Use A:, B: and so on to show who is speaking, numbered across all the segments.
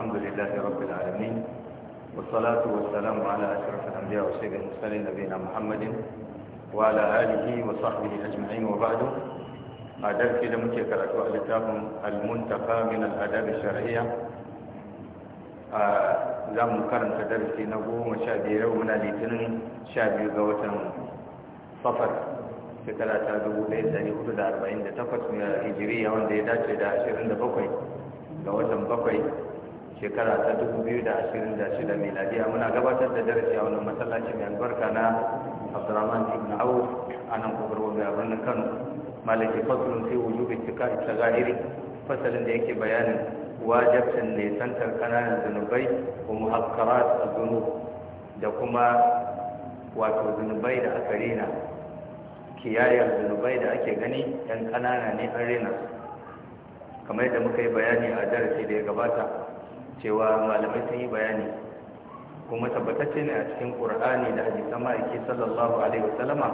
A: الحمد لله رب العالمين والصلاة والسلام على أشرف الأنبياء وسيد المرسلين نبينا محمد وعلى آله وصحبه أجمعين وبعد أدب كده متكرر كتاب المنتقى من الآداب الشرعية زم كرم تدرس في نبو مشابه يومنا لتنين شابي قوتنا صفر في ثلاثة دبو بيزة لأدود أربعين دتفت من الهجرية وانده داتش دا عشرين دبقي قوتنا shekara ta dubu biyu da da ashirin mai miladiya muna gabatar da darasi a wannan masallaci mai albarka na abdurrahman ibn awu a nan kogarwa mai birnin kano malaki fasulun sai wujubi cika ita ga'iri fasalin da yake bayanin ne nesantar kananan zunubai ko muhakkarat zunub da kuma wato zunubai da aka rena kiyayar zunubai da ake gani yan kanana ne an rena kamar yadda muka yi bayani a darasi da ya gabata cewa malamai sun yi bayani kuma tabbatacce ne a cikin ƙur'ani da hadisan ma'aiki sallallahu alaihi wasallama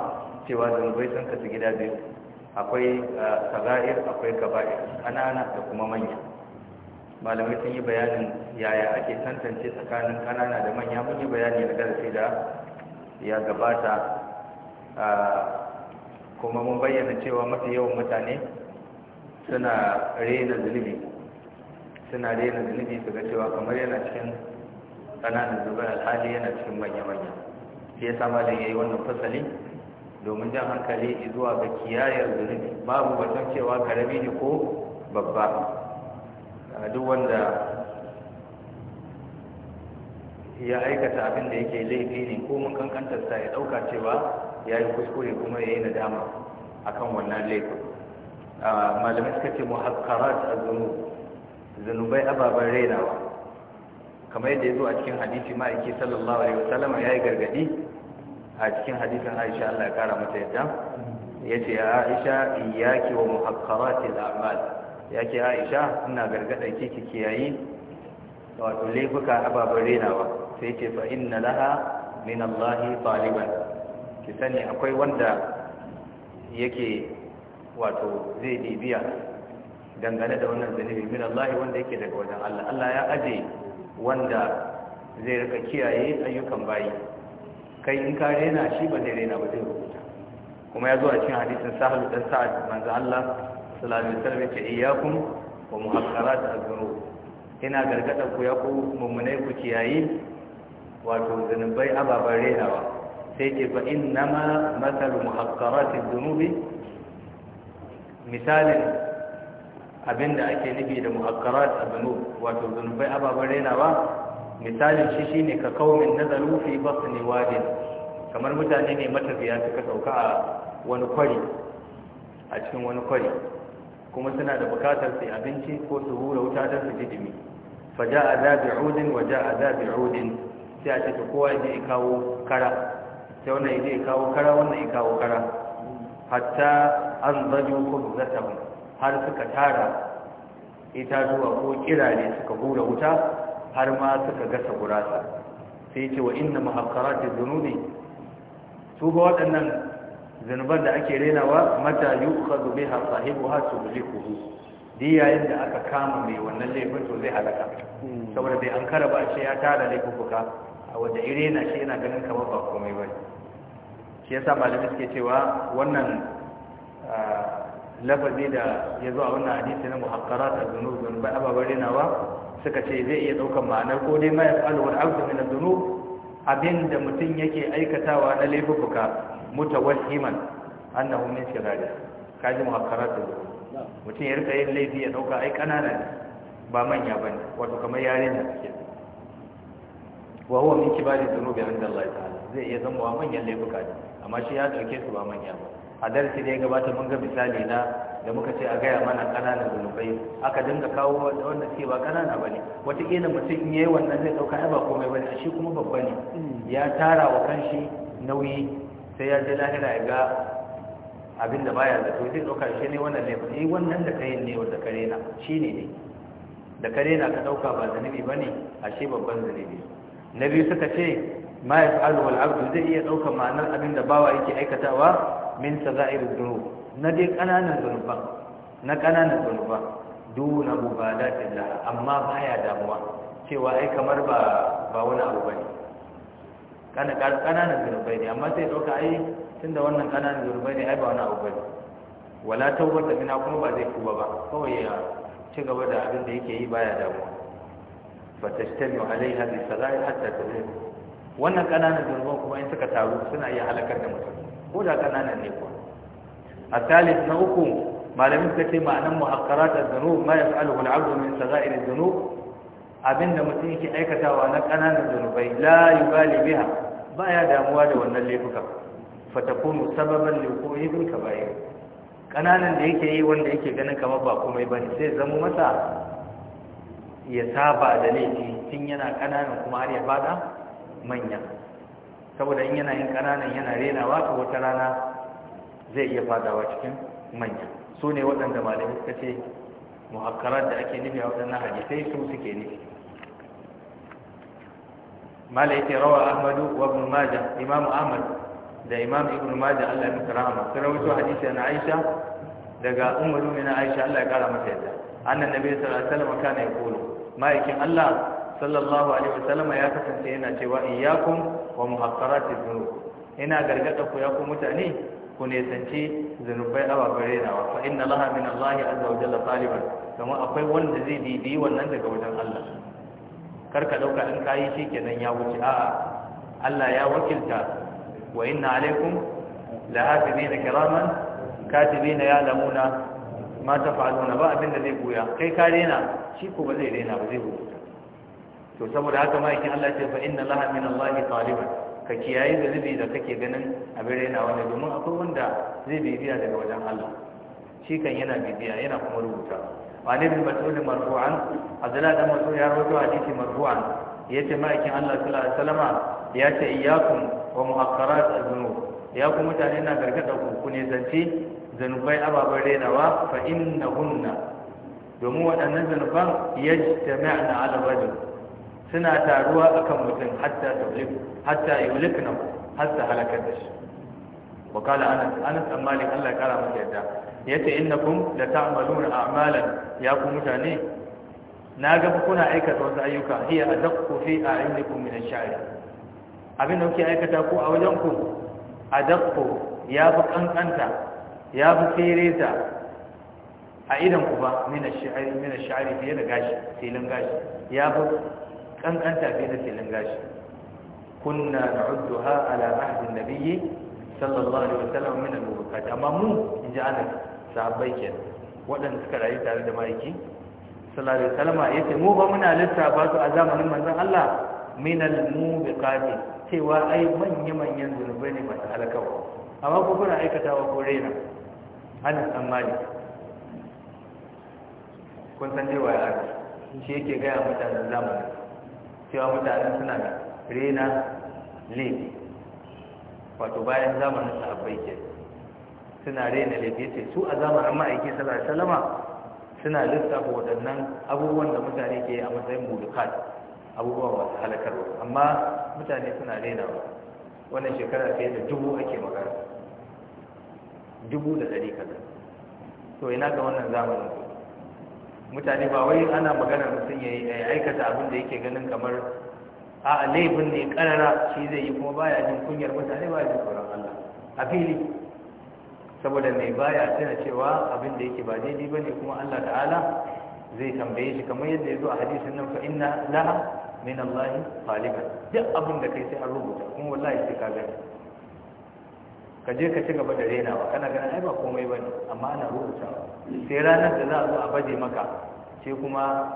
A: cewa zunubai sun kasu gida biyu akwai ah, saga'ir akwai gaba'ir ƙanana da kuma manya malamai sun yi bayanin yaya ake tantance tsakanin ƙanana da manya mun yi bayani na darasi da ya gabata ah, kuma mun bayyana cewa mafi yawan mutane suna rena zunubi suna daina zunubi su ga cewa kamar yana cikin ƙananan zubar alhali yana cikin manya-manya sai ya sama da ya yi wannan fasali domin jan hankali zuwa ga kiyayar zunubi babu batun cewa karami ne ko babba duk wanda ya aikata abin da yake laifi ne ko mun sa ya ɗauka cewa ya yi kuskure kuma ya yi nadama akan wannan laifin malamai suka ce muhakkarat a zunubi zunubai ababen rainawa kamar yadda ya zo a cikin hadisi ma'aiki sallallahu alaihi wasallam ya yi gargadi a cikin hadisin aisha Allah ya kara mata yadda ya ce aisha iyaki wa muhakkaratil a'mal ya ke aisha ina gargada ki ki kiyayi wato laifuka ababen rainawa sai ce fa inna laha min allahi taliban ki sani akwai wanda yake wato zai bibiya dangane da wannan zanibi min Allah wanda yake daga wajen Allah Allah ya aje wanda zai rika kiyaye ayyukan bayi kai in ka rena shi ba zai rena ba zai rubuta kuma ya zo a cikin hadisin sahal dan sa'ad manzo Allah sallallahu alaihi wasallam yake iyyakum wa muhaqqarat az-zunub ina gargada ku ya ku mummunai ku kiyaye wato zunubai ababan renawa sai ce fa innama masalu muhaqqarat az-zunubi misalin abinda ake nufi da muhakkarat abunu wato zunubai ababen renawa misalin shi shine ka kaumin nazaru fi basni wadin kamar mutane ne matafiya suka sauka a wani kwari a cikin wani kwari kuma suna da bukatar su abinci ko su hura wuta don su ji dumi fa ja'a zabi'udin wa ja'a zabi'udin sai a ce kowa ya je kawo kara sai wannan ya je kawo kara wannan ya kawo kara hatta an zaju kubzatahum har suka tara itatuwa ko kirare suka hura wuta har ma suka gasa gurasa sai ce wa inna muhaqqaratil dhunubi
B: su ba waɗannan zanuban da ake renawa mata yu'khadhu biha sahibuha tuhlikuhu
A: di yayin da aka kama mai wannan laifin to zai halaka hmm. saboda bai an kara ba ce ya tara laifuka a wanda irena shi yana ganin kamar ba komai ba shi yasa malamai suke cewa wannan ah, lafazi da ya zo a wannan hadisi na muhakkarat zunu don ba ababen rinawa suka ce zai iya ɗaukar ma'anar ko dai ma yaqalu wal abdu min az-zunub abinda mutum yake aikatawa na laifuka mutawahhiman annahu min shirari kaji muhakkara az zunu mutum ya rika yin laifi ya ɗauka ai ƙanana ne ba manya ba ne wato kamar yare ne suke wa huwa min kibari dhunubi inda Allah ta'ala zai iya zama manyan laifuka ne amma shi ya dauke su ba manya ba a darasi da ya gabata mun ga misali na da muka ce a gaya mana ƙananan zunubai aka dinga kawo wanda ce ba ƙanana ba ne wataƙila mutum in yayi wannan zai ɗauka ai ba komai ba ne a shi kuma babba ne mm. ya tara wa kanshi nauyi sai ya je lahira ya ga abin da baya zato zai ɗauka shi ne wannan laifin eh wannan da kayin ne wanda kare na shi ne ne da kare na ka ɗauka ba zunubi ba ne a shi babban zunubi na biyu suka ce ma ya fi wal abdu zai iya ɗaukar ma'anar abin da bawa yake aikatawa min sagha'ir dhunub na dai kananan zunuban na kananan zunuban duna da la amma baya damuwa cewa ai kamar ba ba wani abu bane kana kananan zunubai ne amma sai dauka ai tunda wannan kananan zunubai ne ai ba wani abu bane wala tawbata mina kuma ba zai kuba ba kawai ya ci gaba da abin da yake yi baya damuwa fatashtami alaiha bi sagha'ir hatta tuzil wannan kananan zunuban kuma in suka taru suna iya halakar da mutum ko da kananan ne kuwa a talis na uku malamin ka ce ma'anan muhakkarat az-zunub ma fi al-'abdu min sagha'ir zano abin abinda mutum yake aikatawa na kananan zunubai la biya ba ya damuwa da wannan laifuka fatakunu sababan li ka kaba'ir kananan da yake yi wanda yake ganin kamar ba komai bane sai zama masa ya saba da laifi tun yana kananan kuma har ya fada manya saboda in yana yin ƙananan yana renawa to wata rana zai iya fadawa cikin manya su ne waɗanda malamai suka ce muhakkarar da ake nufi a waɗannan hadisai su suke nufi malai ce rawa ahmadu wa ibn majah imam ahmad da imam ibn majah Allah ya rahama su rawaito hadisi na aisha daga ummu mu'mina aisha Allah ya kara mata yadda annan nabi sallallahu alaihi wasallam kana yaqulu ma'aikin Allah sallallahu alaihi wasallam ya kasance yana cewa iyyakum wa muhaqqaratiz dhunub ina gargada ku ya ku mutane ku ne sanci awa gare nawa. fa inna laha min Allah azza wa jalla taliban kuma akwai wanda zai bibi wannan daga wajen Allah karka dauka in kai shi kenan ya wuce a'a Allah ya wakilta wa inna alaikum lahafizina kiraman katibina ya'lamuna ma tafa'aluna ba abinda zai buya kai ka rena shi ko ba zai rena ba zai buya to saboda haka ma'aikin Allah ce fa inna laha min Allah taliban ka kiyaye zunubi da kake ganin abin raina wanda domin akwai wanda zai bibiya daga wajen Allah shi kan yana bibiya yana kuma rubuta wa ne bin mas'ul marfu'an azla da mas'ul ya rawaito hadisi marfu'an yace ma'aikin Allah sallallahu alaihi wasallama yace iyyakum wa muhaqqarat az-zunub ya ku mutane na gargada ku ku ne zance zanubai ababen rainawa fa innahunna domin waɗannan zanuban yajtama'na ala rajul suna taruwa akan mutum hatta tawlif hatta yulikna hatta halakar da shi wa qala anas anas amma li Allah ya kara masa yadda yace innakum la ta'maluna a'malan ya ku mutane na ga kuna aikata wasu ayyuka hiya adaqqu fi a'yunikum min ash-sha'r abin da kuke aikata ku a wajen ku adaqqu ya fi kankanta ya fi tsireta a idan ku ba min ash-sha'r min ash-sha'r fiye da gashi filin gashi ya fi kankanta fiye da filin gashi kunna na'udduha ala ahdin nabiyyi sallallahu alaihi wasallam min al-wuqat amma mu inji anas sahabbai kenan waɗanda suka rayu tare da ma'aiki sallallahu alaihi wasallam yace mu ba muna lissafa su a zamanin manzon Allah min al-mubiqati cewa ai manya manyan zunubai ne masu halakawa amma ko kuna aikatawa ko raina anas an malik kun san dai waye anas shi yake gaya mutanen zamanin cewa mutane suna rena laifi wato bayan zamanin sahabbai ke suna rena laifi yace su a zamanin ma'aiki sallallahu alaihi suna lissafa waɗannan abubuwan da mutane ke a matsayin mulukat abubuwan masu halakarwa amma mutane suna rena wannan shekara fiye da dubu ake magana dubu da ɗari kaza to ina ga wannan zamanin mutane ba wai ana maganar mutum ya aikata abin da yake ganin kamar a laifin ne karara shi zai yi kuma baya jin kunyar mutane baya jin tsoron Allah a fili saboda mai baya tana cewa abin da yake ba daidai bane kuma Allah ta'ala zai tambaye shi kamar yadda ya zo a hadisin nan fa inna laha min Allah taliban duk abin da kai sai an rubuta kuma wallahi sai ka gani ka je ka ci gaba da renawa kana ganin ai ba komai bane amma ana rubutawa sai ranar da za a zo a baje maka sai kuma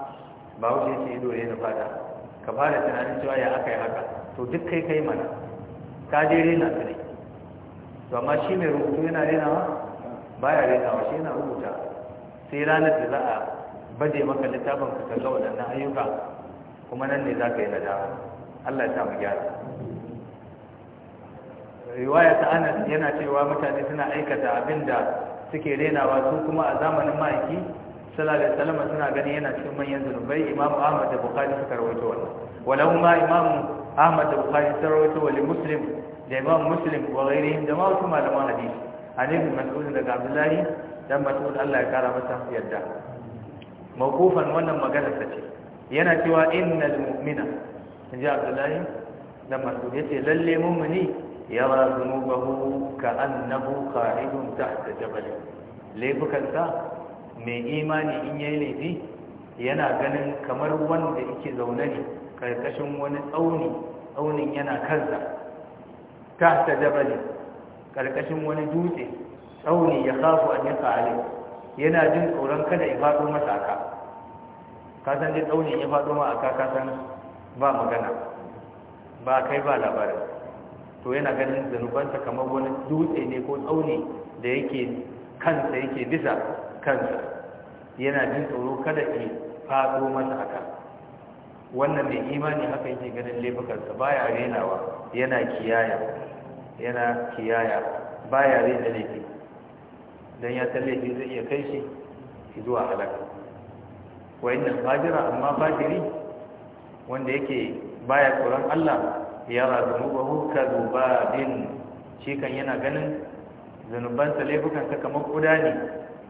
A: ba wuce ce ido ya fata ka fara tunanin cewa ya aka yi haka to duk kai kai mana ka je rena ka ne to amma shi mai rubutu yana renawa baya renawa shi yana rubuta sai ranar da za a baje maka littafin ka kalla waɗannan ayyuka kuma nan ne za ka yi dawa? Allah ya samu gyara riwaya ta anas yana cewa mutane suna aikata abin da suke renawa su kuma a zamanin ma'aiki sallallahu alaihi wasallam suna ganin yana cikin manyan zunubai imamu ahmad da bukhari suka rawaito wannan walau ma imamu ahmad da bukhari suka rawaito wa muslim da imamu muslim wa ghairihim da ma wasu malaman hadisi ibn mas'ud daga abdullahi dan mas'ud Allah ya kara masa yadda. mawqufan wannan magana ta ce yana cewa innal mu'mina inji abdullahi dan mas'ud yace lalle mu'mini yara zunubahu ka'annahu qa'idun tahta jabal laifukansa mai imani in yayi laifi yana ganin kamar wanda yake zaune ne karkashin wani tsauni tsaunin yana kansa ta ta jabali karkashin wani dutse tsauni ya kafu a yaka alai yana jin tsoron kada ya faɗo masa aka ka san dai tsauni ya faɗo ma aka ka san ba magana ba kai ba labarin to yana ganin zanubansa kamar wani dutse ne ko tsauni da yake kansa yake bisa kansa yana jin tsoro kada ke faɗo masa haka wannan mai imani haka yake ganin laifukansa baya renawa yana kiyaya yana kiyaya baya rena laifi don ya san laifi zai iya kai shi zuwa halaka wa inna fajira amma fajiri wanda yake baya tsoron Allah ya yara zuba kadubabin shi kan yana ganin zanubansa laifukansa kamar kuda ne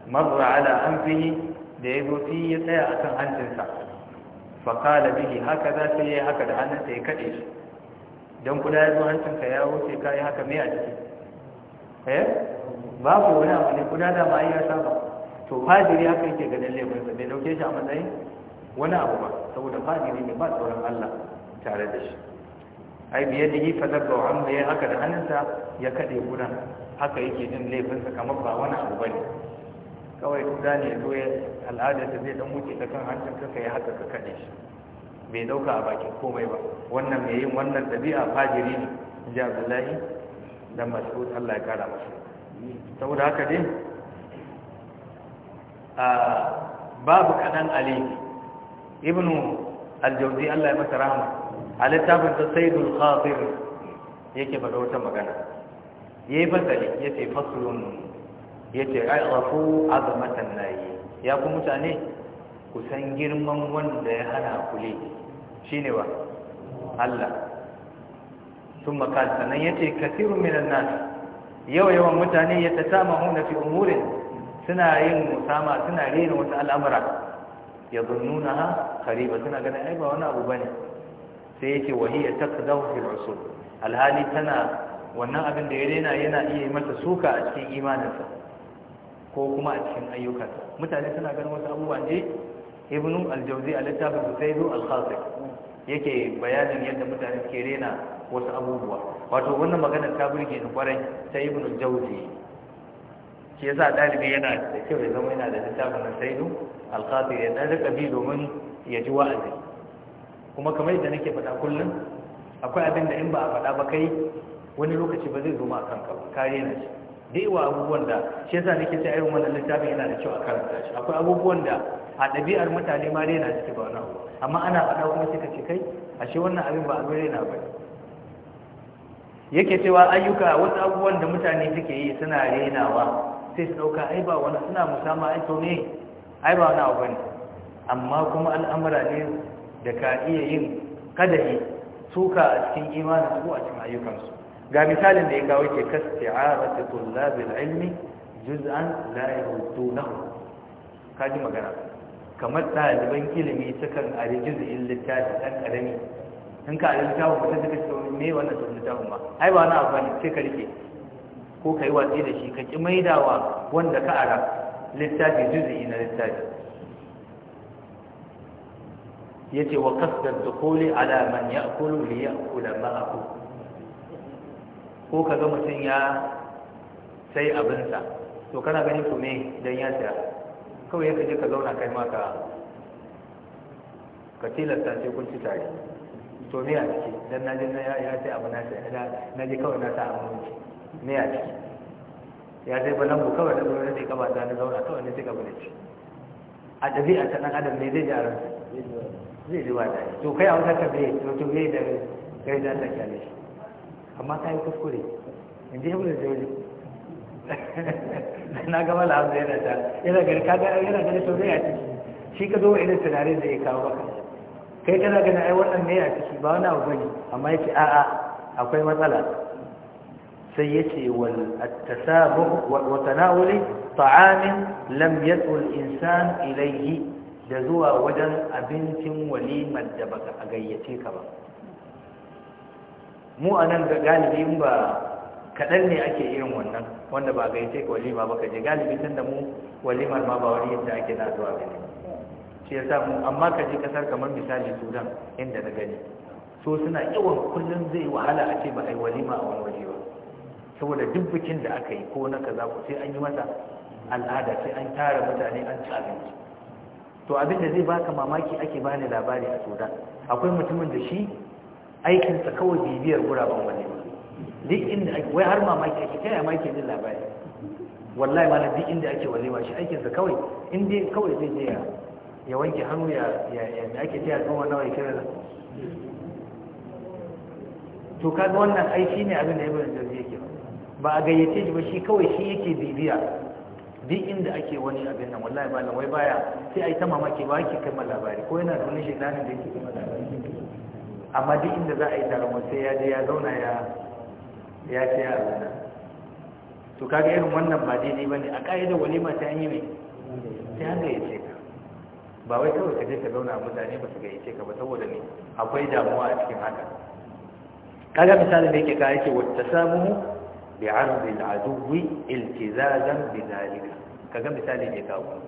A: marra ala anfihi da ya zo fi ya tsaya a kan hancinsa fakala bihi haka za su yi haka da hannunsa ya kaɗe shi don kuda ya zo hancinka ya wuce ka yi haka mai a ciki eh ku wani abu ne kuda da ma yasa ba to fadiri haka yake ganin laifinsa bai dauke shi a matsayin wani abu ba saboda fadiri ne ba tsoron Allah tare da shi ai biye da yi fadabba wa amma ya haka da hannunsa ya kaɗe gudan haka yake jin laifinsa kamar ba wani abu ba ne kawai guda ne zo al'adar da zai dan wuce da kan hancin ka kai haka ka kaɗe shi bai dauka a bakin komai ba wannan mai yin wannan ɗabi'a fajiri ne in ji abdullahi da mas'ud Allah ya kara masa saboda haka dai a babu kadan ali ibnu al-jawzi Allah ya masa rahama a littafin ta sayyidul khatir yake faɗa wata magana yayi fasali yace fasulun yace a'rafu azamatan lahi ya ku mutane ku san girman wanda ya hana ku Shi shine wa Allah thumma qala sanan yace siru minan nas yawa yawan mutane yatasamahuna fi umurin suna yin musama suna rena wata al'amura yadhunnunaha qariba suna ganin ai ba wani abu bane sai yace wahiya taqdaw fil usul alhali tana wannan abin da ya rena yana iya mata suka a cikin imaninsa ko kuma a cikin ayyuka mutane suna ganin wasu abubuwa ne ibnu aljawzi a littafin zaidu al-khasir yake bayanin yadda mutane ke rena wasu abubuwa wato wannan magana ta burge ni kwarai ta al-jawzi Ke yasa dalibi yana da kyau ya zama yana da littafin zaidu al-khasir ya dan rika bi domin ya ji wa'azi kuma kamar yadda nake faɗa kullum akwai abin da in ba a faɗa ba kai wani lokaci ba zai zo ma a kanka ba ka rena shi da yawa abubuwan da shi yasa nake ta irin wannan littafin yana da kyau a karanta shi akwai abubuwan da a ɗabi'ar mutane ma dai na cike ba wani amma ana faɗa kuma suka ce kai ashe wannan abin ba abin raina ba yake cewa ayyuka wasu abubuwan da mutane suke yi suna rainawa sai su ɗauka ai ba wani suna musamman ai to ne ai ba wani abu amma kuma al'amura ne da ka iya yin kada yi suka a cikin imanin su a cikin ayyukansu ga misalin da ya kawo ke a kasti'arati tullabil ilmi juz'an na hu kaji magana kamar ɗaliban ilimi kan ari juz'in littafi ɗan ƙarami in ka ari littafin mutum suka ce me wannan sun littafin ba ai ba na amfani ce ka rike ko ka yi watsi da shi ka ƙi maidawa wanda ka ara littafi juz'i na littafi yace wa qasda dukhuli ala man ya'kulu li ya'kula ma'akum ko ka ga mutum ya sai abinsa to kana gani to me don ya saya kawai ya kaje ka zauna kai ma ka ka tilasta sai kun ci tare to ne a ciki don na je na ya sai abu na sai na je kawai na sa abu ne a ciki ya sai ba lambu kawai na zaune ne kaba ta na zauna kawai ne sai ka bude ci a ɗabi'a ta adam ne zai jarar a zai ji ba to kai a wata ka to to bai da kai da ta kyale shi amma ta yi kuskure in ji ibn jawzi na gama la'azu yana ta yana gani kaga yana gani to zai a ciki shi ka zo wa irin tunanin da ya kawo maka kai kana gani ai wannan ne a ciki ba wani abu bane amma yace a'a akwai matsala sai yace wal at-tasabu wa tanawuli ta'amin lam yad'u al-insan ilayhi da zuwa wajen abincin walimar da baka gayyace ka ba mu a nan ga galibi ba kaɗan ne ake irin wannan wanda ba gaice ka walima ba ka je galibi tun da mu walimar ma ba wani yadda ake na zuwa gani shi ya samu amma ka je kasar kamar misali sudan inda na gani so suna yawan kullum zai wahala a ce ba a yi walima a wani waje ba saboda duk bikin da aka yi ko na kaza ko sai an yi masa al'ada sai an tara mutane an ci abinci to abinda zai baka mamaki ake bani labari a sudan akwai mutumin da shi aikinsa kawai bibiyar guraben wani duk inda ake wai har mamaki ake taya maki jin labari wallahi ma duk inda ake walewa shi aikinsa kawai in dai kawai zai je ya wanke hannu ya ya ake taya tsohon nawa ya kira to kaga wannan aiki ne abin da ibn jarir yake ba a gayyace shi ba shi kawai shi yake bibiya duk inda ake wani abin nan wallahi malam wai baya sai ai ta mamaki ba yake kai labari ko yana da wani shi da yake kai labari amma duk inda za a yi taron sai ya je ya zauna ya ya ce ya zauna to kaga irin wannan ba daidai bane a ka'idar walima ta yi mai sai ya ce ka ba wai kawai ka je ka zauna mutane ba su gayyace ka ba saboda ne akwai damuwa a cikin haka kaga misali da yake ka yake wata samu bi ardi aduwi iltizazan bi zalika kaga misali ne kawo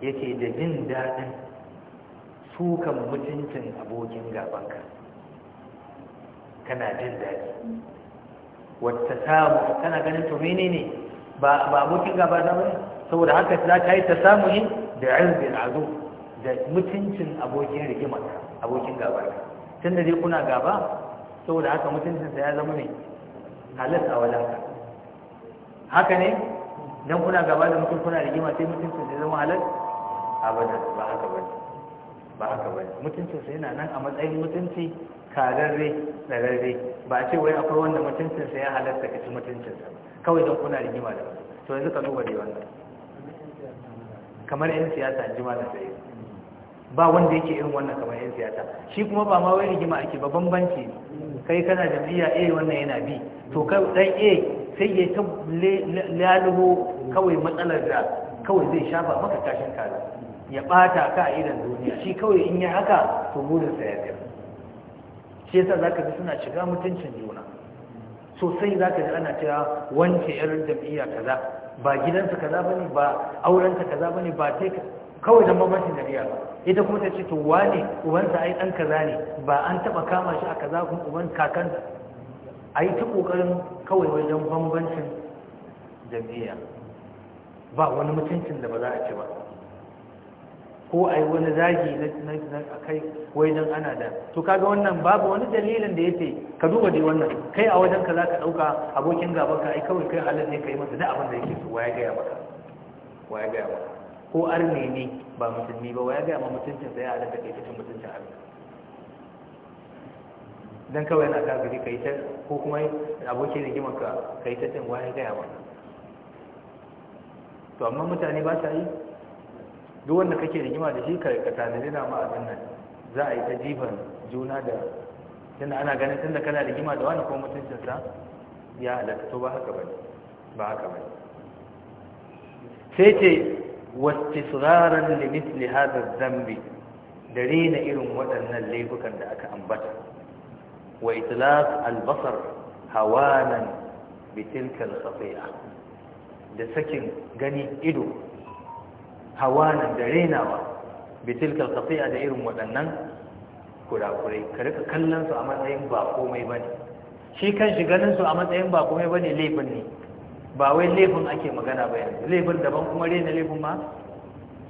A: yake da jin dadin sukan mutuncin abokin gabanka kana jin daɗi wata samu kana ganin to ne? ba abokin gaba da wani saboda haka za ka yi ta samu yin da irbin azu da mutuncin abokin rigimar abokin gaba tun da dai kuna gaba saboda haka mutuncinsa ya zama ne halatta a wajenka haka ne don kuna gaba da mutum kuna rigima sai mutuncinsa ya zama A abadan ba haka bane ba haka bane mutuncinsa yana nan a matsayin mutunci tararre tsararre ba a ce wai akwai wanda mutuncinsa ya halatta ka ci mutuncinsa kawai don kuna rigima da to yanzu ka duba dai wannan kamar 'yan siyasa in ji ma da sai ba wanda yake irin wannan kamar 'yan siyasa shi kuma ba ma wai rigima ake ba bambanci kai kana da biya a wannan yana bi to kai dan a sai ya ta lalubo kawai matsalar da kawai zai shafa maka tashin kaza ya bata ka a idan duniya shi kawai in yi haka to burinsa ya tafi shi yasa zaka ga suna shiga mutuncin juna sosai zaka ji ana cewa wance yar jam'iyya kaza ba gidansa kaza bane ba aurenta kaza bane ba sai kawai dan mamakin jami'a ba ita kuma ta ce to wane ubansa ai dan kaza ne ba an taba kama shi a kaza kuma uban kakansa ai ta kokarin kawai wajen bambancin jam'iyya ba wani mutuncin da ba za a ci ba ko a yi wani zagi na kai wai don ana da to kaga wannan babu wani dalilin da ya ce ka duba dai wannan kai a wajen ka za ka ɗauka abokin gaban ka ai kawai kai halin ne ka yi masa da abin da yake so waya gaya maka waya gaya maka ko arne ne ba musulmi ba waya gaya ma mutuncin sai halin da kai cikin mutuncin arne dan kawai yana ka gari kai ta ko kuma abokin rigimar ka kai ta cin waya gaya maka to amma mutane ba sa yi duk wanda kake rigima da shi ka tanadi na ma'azin nan za a yi ta jifan juna da tunda ana ganin tunda kana rigima da wani kuma mutuncinsa ya halatta to ba haka bane ba haka bane sai ce wastisgharan li mithli hadha adh-dhanbi da rena irin waɗannan laifukan da aka ambata wa itlaq al hawanan bi tilka da sakin gani ido hawanan da renawa bitilkal alqati'a da irin waɗannan kurakurai ka rika kallon su a matsayin ba komai bane shi kan shi ganin su a matsayin ba komai bane laifin ne ba wai laifin ake magana ba yanzu laifin daban kuma rena laifin ma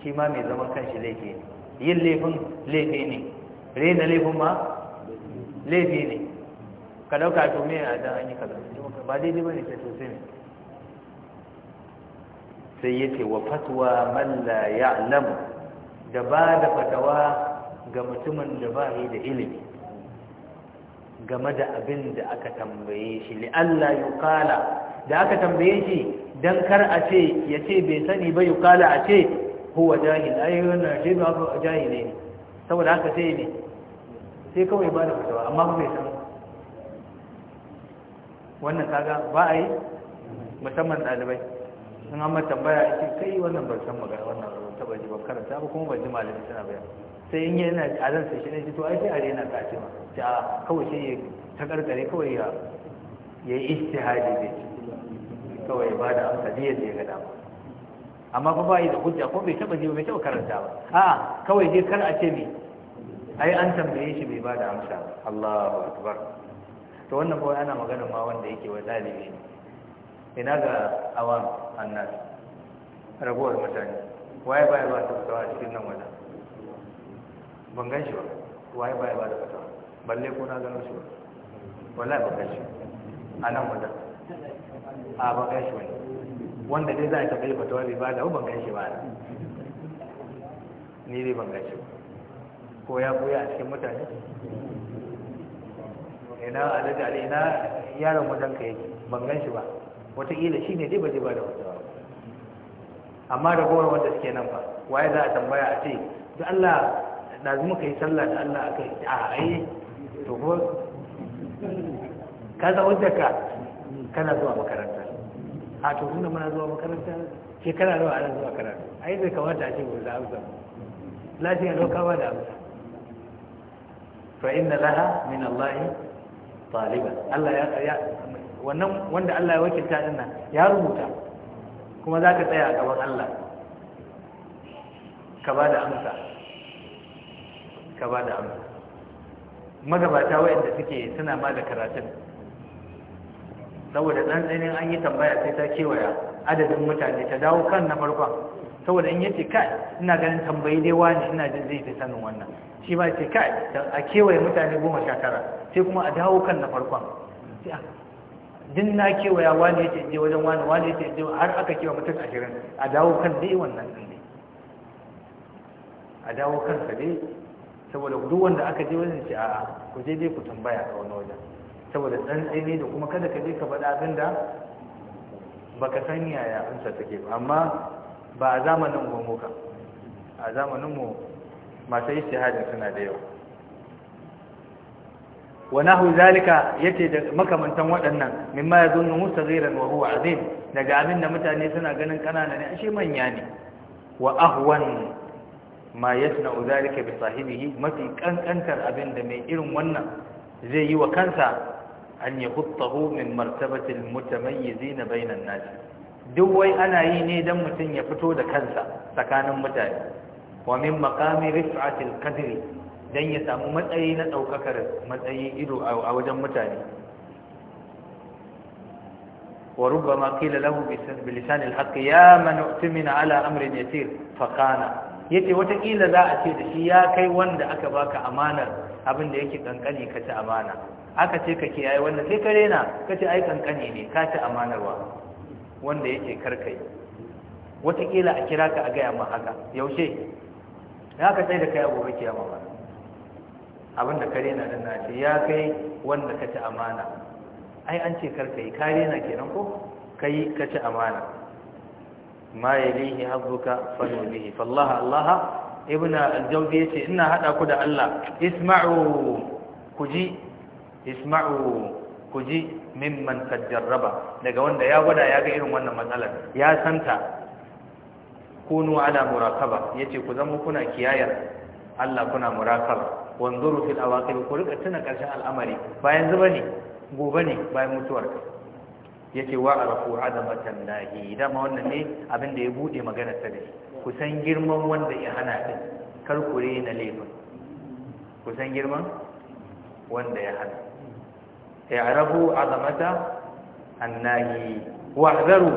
A: shi ma mai zaman kan shi laifi ne yin laifin laifi ne rena laifin ma laifi ne ka dauka to me a dan an yi kaza ba daidai bane sai sosai ne. sai yace wa fatwa man la ya'lam da ba da fatawa ga mutumin da ba yi da ilimi game da abin da aka tambaye shi Allah yuqala da aka tambaye shi dan kar a ce yace bai sani ba yuqala a ce huwa jahil ai wannan shi ba jahili ne saboda haka sai ne sai kawai ba da fatawa amma ba bai san wannan kaga ba a yi musamman ɗalibai sun an tambaya ya ce kai wannan ba san magana wannan ta taba ji ban karanta ba kuma ba ji malami suna bayan sai in yana a zan sai shi ne ji to ai sai a rena ka ce ma ta kawai shi ya ta karkare kawai ya ya yi istihadi zai kawai ba da amsa ne yadda ya ga dama amma ba yi da hujja ko bai taba ji ba bai taba karanta ba a'a kawai dai kar a ce me ai an tambaye shi bai ba da amsa Allahu akbar to wannan kawai ana magana ma wanda yake wa dalibi ne ina ga awam annas ragowar mutane waye baya ba ta fatawa a cikin nan wata ban gan shi ba waye baya ba ta fatawa balle ko na gano shi ba wala ban gan shi a nan wata a ban gan shi wani wanda dai za a tafi yi fatawa bai ba da ban gan shi ba ni dai ban gan shi ko ya buya a cikin mutane ina alhaji ali ina yaron wajen ka yake ban gan shi ba wataƙila shi ne dai ba zai ba da amma da gowar wanda suke nan ba waye za a tambaya a ce da Allah da zuma ka yi sallah da Allah aka yi a ai to ko ka za wanda ka kana zuwa makaranta a to nuna mana zuwa makaranta ke kana zuwa ana zuwa karatu ai bai kamata a ce ba za a amsa lafiya lokawa da amsa fa inna laha min Allah taliban Allah ya wannan wanda Allah ya wakilta dinna ya rubuta kuma za ka tsaya a gaban Allah ka ba da amsa ka ba da amsa magabata waɗanda suke suna ma da karatun saboda ɗan tsanin an yi tambaya sai ta kewaya adadin mutane ta dawo kan na farkon saboda in yace kai ina ganin tambayi dai wani ina jin zai fi sanin wannan shi ba ce kai a kewaye mutane goma sha tara sai kuma a dawo kan na farkon din na kewaya wani yake je wajen wani wani yake je har aka kewa mutum ashirin a dawo kan dai wannan din ne a dawo kansa dai saboda duk wanda aka je wajen ce a'a ku je dai ku tambaya a wani wajen saboda dan tsaini da kuma kada ka je ka faɗa abin da baka san yaya amsa take ba amma ba a zamanin mu muka a zamanin mu masu shahada suna da yawa wa nahu zalika yace da makamantan waɗannan mimma yazunnu saghiran wa huwa azim daga abin da mutane suna ganin kanana ne ashe manya ne wa ahwan ma yasna'u zalika bi sahibihi mafi kankantar abin da mai irin wannan zai yi wa kansa an yahuttahu min martabati almutamayyizina bainan nas duk wai ana yi ne dan mutum ya fito da kansa tsakanin mutane wa min maqami rif'ati alqadri don ya samu matsayi na ɗaukakar matsayi ido a wajen mutane wa rubbama qila lahu bi lisan al-haqq ya man utmina ala amrin yasir fa kana yace wata kila za a ce da shi ya kai wanda aka baka amana abin da yake kankani ka ci amana aka ce kake yayi wannan sai ka rena ka ce ai kankani ne ka ci amanarwa wanda yake karkai wata kila a kira ka a gaya ma haka yaushe haka sai da kai abubuwa kiyama ba abin da kare na nan nace ya kai wanda ka ci amana ai an ce kar yi, kare na kenan ko kai ka ci amana ma yalihi hazzuka fanulihi fallaha allaha ibn al yace ina hada ku da Allah isma'u kuji isma'u kuji mimman tajarraba daga wanda ya gwada ya ga irin wannan matsalar ya santa kunu ala murakaba yace ku zama kuna kiyayar Allah kuna murakaba wanzuru fil awaqib ku rika tuna karshen al'amari ba yanzu bane gobe ne bayan mutuwar yace wa arafu adamatan lahi dama wannan ne abin da ya bude magana ta da kusan girman wanda ya hana din kar ku rena laifin ku girman wanda ya hana ya arafu adamata annahi wa hadaru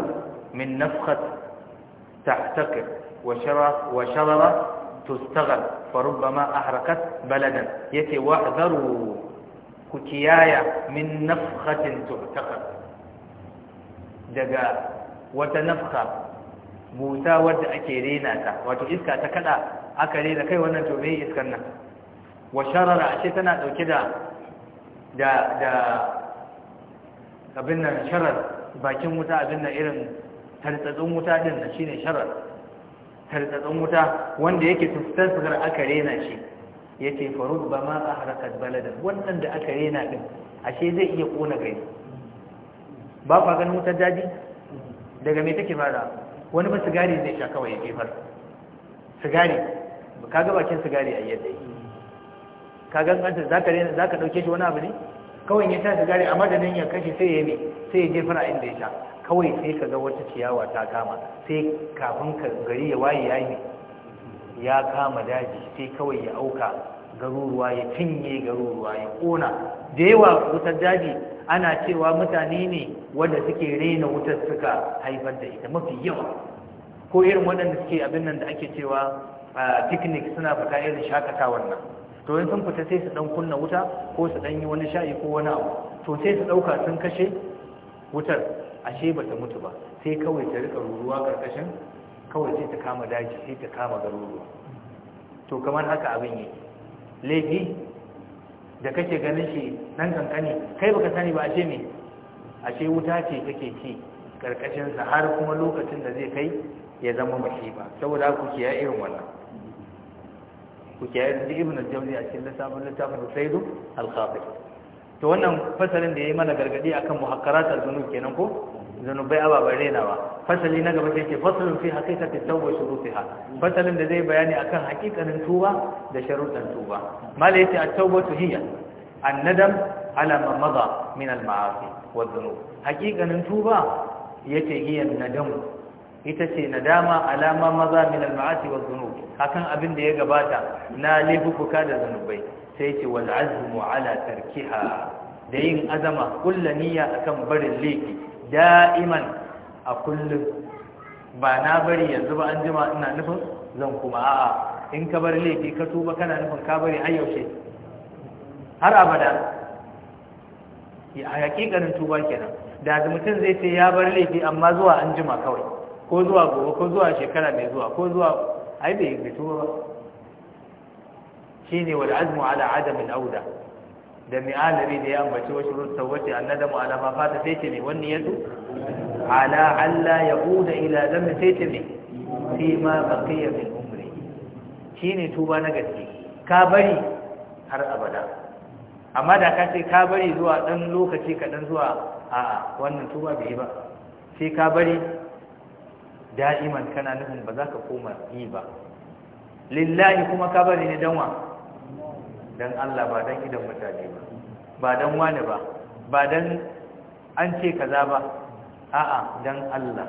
A: min nafkhat tahtaqir wa shara wa shara tustaghal faruɓama a harkat baladan yake wa zaro ku kiyaya min nafhatin tuhtakar daga wata nafha buta wadda ake rena ta wato iska ta kada aka rena kai wannan tobe iskar nan wa sharara ce tana dauke da da abin nan sharar bakin wuta abin nan irin tartatsun wuta din na shine sharar tartatsun wuta wanda yake tuftar aka rena shi ya ce ba ma a harakar baladar wannan da aka rena ɗin ashe zai iya ƙona gari ba fa ganin wutar daji daga mai take fara wani ba sigari zai sha kawai ya kefar sigari ka ga bakin sigari a yadda ka ka ganganta za ka rena za ka ɗauke shi wani abu ne kawai ya sha sigari a madadin ya kashe sai ya yi sai ya jefar a inda ya sha kawai sai ka ga wata ciyawa ta kama sai kafin ka gari ya waye ya yi ya kama daji sai kawai ya auka garuruwa ya cinye garuruwa ya kona da yawa wutar daji ana cewa mutane ne wanda suke rena wutar suka haifar da ita mafi yawa ko irin waɗanda suke abin nan da ake cewa a picnic suna fita irin shakatawar nan to in sun fita sai su dan kunna wuta ko su dan yi wani sha'i ko wani abu to sai su dauka sun kashe wutar ashe ba ta mutu ba sai kawai ta rika ruruwa karkashin kawai sai ta kama daji sai ta kama garuruwa to kamar haka abin yake laifi da kake ganin shi nan kankani kai baka sani ba ashe ne? ashe wuta ce take ci karkashin sa har kuma lokacin da zai kai ya zama ba? saboda ku kiya irin wannan ku kiya irin ibn al-jawzi a cikin lissafin littafin Saidu al khafi to wannan fasalin da ya yi mana gargadi akan muhakkaratar zunub kenan ko zunubai ababen renawa fasali na gaba sai ke fasalin fi haqiqati tawba ha. fasalin da zai bayani akan haƙiƙanin tuba da sharuɗan tuba mala a at-tawbatu hiya an-nadam ala ma min al wa zunub. haƙiƙanin tuba yace hiya nadam ita ce nadama alama maza min al wa zunub. Hakan abin da ya gabata na laifuka da zunubai sai ce wal azmu ala tarkiha da yin azama kullu niyya akan barin laifi da'iman a kullum ba na bari yanzu ba an jima ina nufin zan kuma a'a in ka bar laifi ka tuba kana nufin ka bari har yaushe har abada ya hakikanin tuba kenan da mutum zai ce ya bar laifi amma zuwa an jima kawai ko zuwa gobe ko zuwa shekara mai zuwa ko zuwa ai bai yi tuba ba shine wal azmu ala adam al auda da mai alabi da ya ambaci wasu rutsa wace annadamu ala ma fata sai ce ne wannan yazo ala alla yaquda ila dam sai ce ne fi ma baqiya min umri shine tuba na gaske ka bari har abada amma da ka ce ka bari zuwa dan lokaci kadan zuwa a'a wannan tuba bai ba sai ka bari da'iman kana nufin ba za ka koma yi ba lillahi kuma ka bari ne danwa dan Allah ba dan idan mutane ba ba dan wani ba ba dan an ce kaza ba a'a dan Allah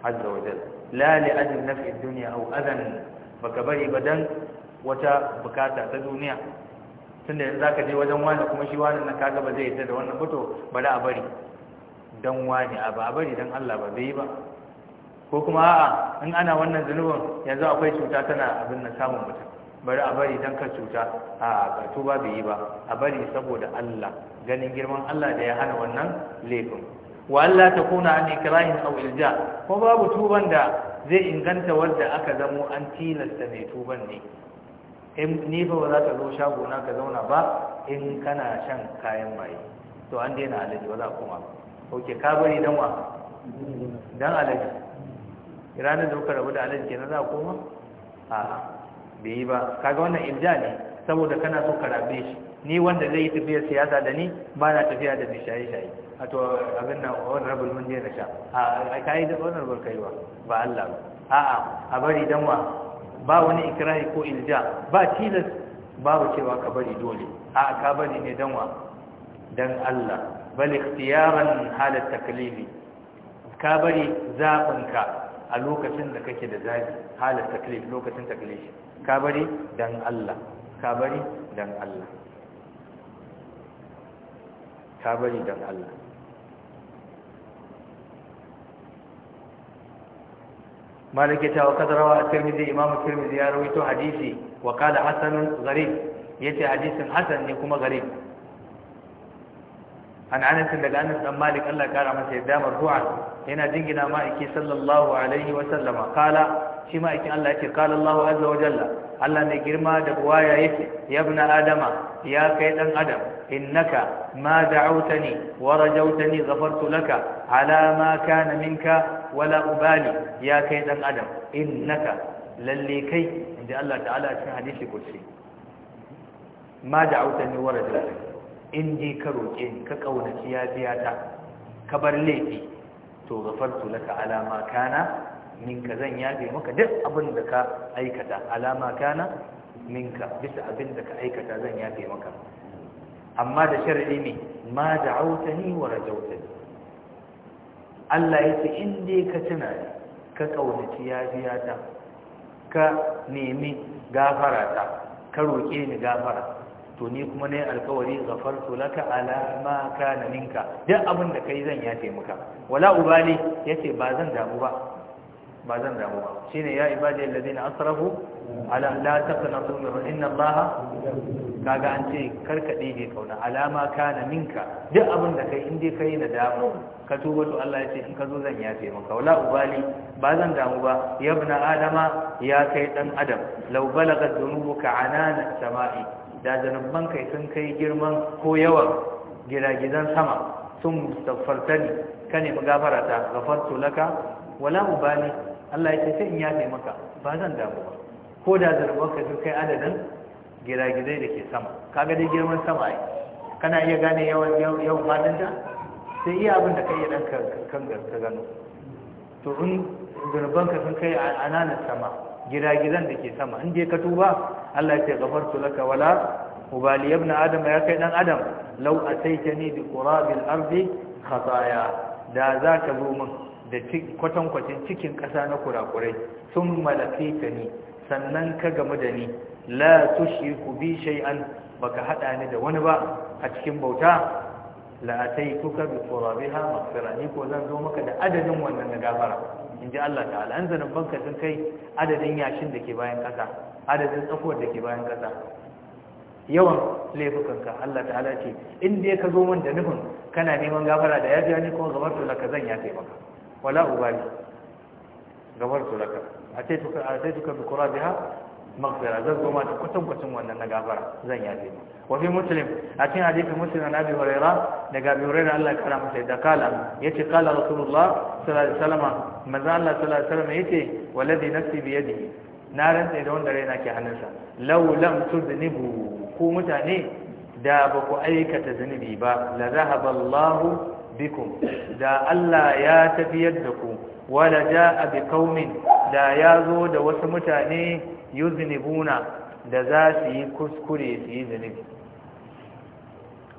A: azza wa jalla la li ajli naf'i dunya aw adan baka bari ba dan wata bukata ta duniya tunda yanzu zaka je wajen wani kuma shi wani na kaga ba zai yadda da wannan fito bari a bari dan wani a ba a bari dan Allah ba zai ba ko kuma a'a in ana wannan zanubin yanzu akwai cuta tana abin na samun mutum bari a bari don ka cuta a kato ba bai yi ba a bari saboda Allah ganin girman Allah da ya hana wannan laifin wa Allah ta kuna an ikrahin aw ilja ko babu tuban da zai inganta wanda aka zamo an tilasta mai tuban ne in ni fa ba za ka zo shago na ka zauna ba in kana shan kayan maye to an daina alaji ba za kuma oke ka bari dan wa dan alaji ranar da kuka rabu da alaji kenan za a koma a'a bai yi ba kaga wannan ilja ne saboda kana so ka rabe shi ni wanda zai yi tafiyar siyasa da ni ba na tafiya da mai shaye-shaye a to abin nan honorable mun je na sha a kayi da honorable kaiwa ba Allah ba a'a a bari dan wa ba wani ikrahi ko ilja ba tilas babu cewa ka bari dole a'a ka bari ne dan wa dan Allah bal ikhtiyaran hala taklifi ka bari ka a lokacin da kake da zaɓi halar taklif lokacin taklifi kabari dan Allah kabari dan Allah kabari dan Allah maliki ta waka rawa imam at-tirmidhi ya rawaito hadisi wa qala yace hadisin hasan ne kuma gharib an anas daga anas dan malik Allah ya kara masa yadda marfu'a yana jingina maiki sallallahu alaihi wa sallama shi ma aikin Allah yake qala Allahu azza wa jalla Allah mai girma da buwaya yake ya ibn adama ya kai ɗan adam innaka ma ne wa rajawtani ghafartu laka ala ma na minka wala ubali ya kai ɗan adam innaka lalle kai inda Allah ta'ala cikin hadisi kursi ma ne wa rajawtani in ji ka roƙe ni ka ƙaunaci ya biya ta ka bar laifi to ghafartu laka ala ma kana minka zan yafe maka duk abin da ka aikata alama kana minka bisa abin da ka aikata zan yafe maka amma da sharri ne ma da'autani wa rajautani Allah ce, in dai ka tuna ka kaunaci yafiya ta ka nemi gafara ta ka roke ni gafara to ni kuma ne alkawari ghafartu laka ala ma kana minka duk abin da kai zan yafe maka wala ubali yace ba zan damu ba ba zan damu ba shine ya ibadi alladhina asrafu ala la taqnatu min inna allaha kaga an ce karkade ne kauna alama kanaminka minka duk abin da kai ka yi na damu ka tuba to Allah ya ce in ka zo zan yafe maka wala ubali ba zan damu ba ya na adama ya kai dan adam law balagat dhunubuka anana samai da zanubban kai sun kai girman ko yawan gidagidan sama sun mustaghfartani kane gafarata ta ghafartu laka wala ubali Allah ya ce sai in yafe maka ba zan damu ba ko da zarbar ka kai adadin gidagidai da ke sama Ka dai girman sama ai kana iya gane yawan yawan fadin ta sai iya abin da kai dan kan ka gano to in zarbar sun kai ananan sama gidagidan da ke sama in je ka tuba Allah ya ce ghafartu laka wala ubali ibn adam ya kai dan adam law ataitani bi qurabil ardi khataya da za ka zo min da kwatankwacin cikin ƙasa na kurakurai sun malafi ta ni sannan ka gamu da ni la ku bi shay'an baka haɗa ni da wani ba a cikin bauta la ataituka bi turabiha maghfira ni ko zan zo maka da adadin wannan na gafara in ji Allah ta'ala an zanin banka sun kai adadin yashin da ke bayan ƙasa adadin tsakuwar da ke bayan ƙasa yawan laifukanka Allah ta'ala ce in dai ka zo min da nufin kana neman gafara da yaji ni ko gabar to ka zan ya maka wala ubali gabar su raka a ce tuka a sai tuka bikura biha maghfira zan zo ma da kwatankwacin wannan na gafara zan yafe ma wa fi muslim a cikin hadisi muslim na abi hurairah daga abi hurairah Allah ya kara masa da kala yace kala rasulullah sallallahu alaihi wasallam manzo Allah sallallahu alaihi wasallam yace walladhi nafsi bi yadihi na rantsa da wanda raina ke hannunsa law lam tudnibu ku mutane da ba ku aikata zunubi ba la zahaba Allahu bikum da Allah ya tafiyar da ku wala jaa bi qaumin da ya zo da wasu mutane yuznibuna da za su yi kuskure su yi zunubi